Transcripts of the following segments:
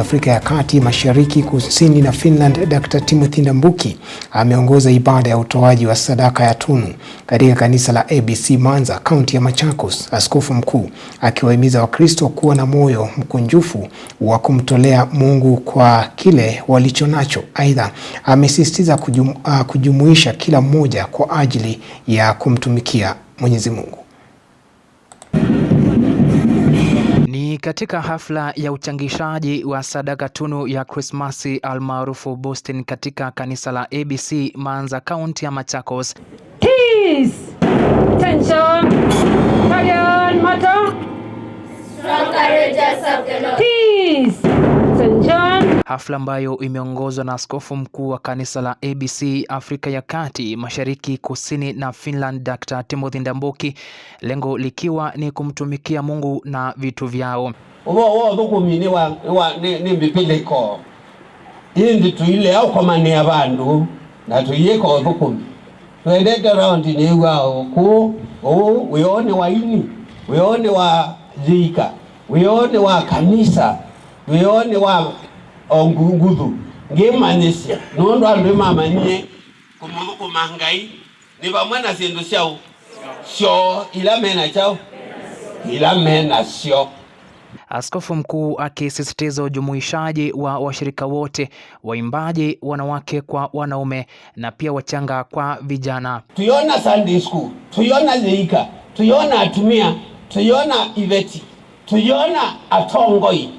Afrika ya Kati, Mashariki, Kusini na Finland, Dr. Timothy Ndambuki ameongoza ibada ya utoaji wa sadaka ya tunu katika kanisa la ABC Manza, kaunti ya Machakos, askofu mkuu akiwahimiza Wakristo kuwa na moyo mkunjufu wa kumtolea Mungu kwa kile walicho nacho. Aidha, amesisitiza kujumu, uh, ah, kujumuisha kila mmoja kwa ajili ya kumtumikia Mwenyezi Mungu. Katika hafla ya uchangishaji wa sadaka tunu ya Krismasi almaarufu Boston katika kanisa la ABC Manza, kaunti ya Machakos, Peace hafla ambayo imeongozwa na askofu mkuu wa kanisa la ABC Afrika ya Kati, Mashariki, Kusini na Finland, Dr. Timothy Ndambuki, lengo likiwa ni kumtumikia Mungu na vitu vyao nimbipiliko indi tuile aukomani ya vandu natuyika uthukumi twendete raundi niwao ku uu wione wa ini wione wa thika wione wa kanisa wione wa onguguthu ngimanyisya nundu andu imamanyie kumuthukuma ngai ni vamwe na sindu syau syo ila mena chao ila mena syo Askofu mkuu akisisitiza ujumuishaji wa washirika wote, waimbaji wanawake kwa wanaume, na pia wachanga kwa vijana. Tuiona Sunday school, tuiona Zeika, tuiona atumia, tuiona Iveti, tuiona atongoi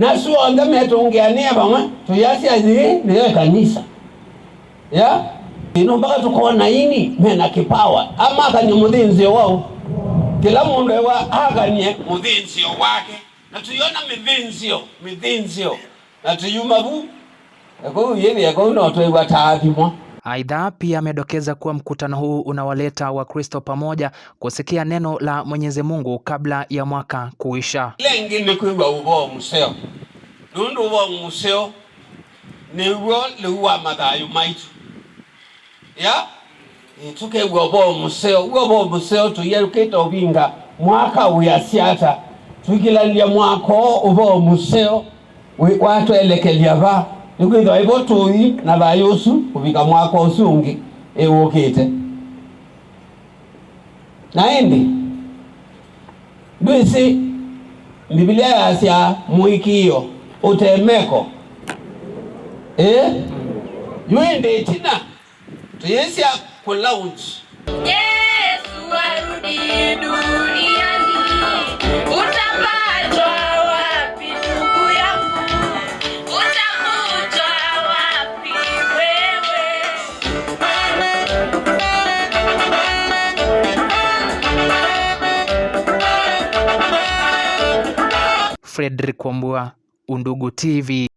nasu wanga metungiania vamwe tuyasiazi niyo kanisa ya ino mpaka tukona ini mena kipawa ama akanye muthinzi wao kila mundu ewa akanye muthinzio wake na tuyona mithinzio mithinzio na tuyuma vu ekuu yili ekuu notwigwa taathimwa Aidha, pia amedokeza kuwa mkutano huu unawaleta Wakristo pamoja kusikia neno la Mwenyezi Mungu kabla ya mwaka kuisha. ingine kwiba ubo museo nundu ubo museo niwo liwa madhayo maitu ya ituke ubo museo ubo museo tuyerukita uvinga mwaka uyasiata tuigilalia mwako ubo museo watwelekelia va ivo tui na vai usu kuvika mwaka ungi iwukite na indi ndwisi Biblia yasya muikio utemeko eh yuindi itina tuyesya kulaunji Fredrick Kwambua, Undugu TV.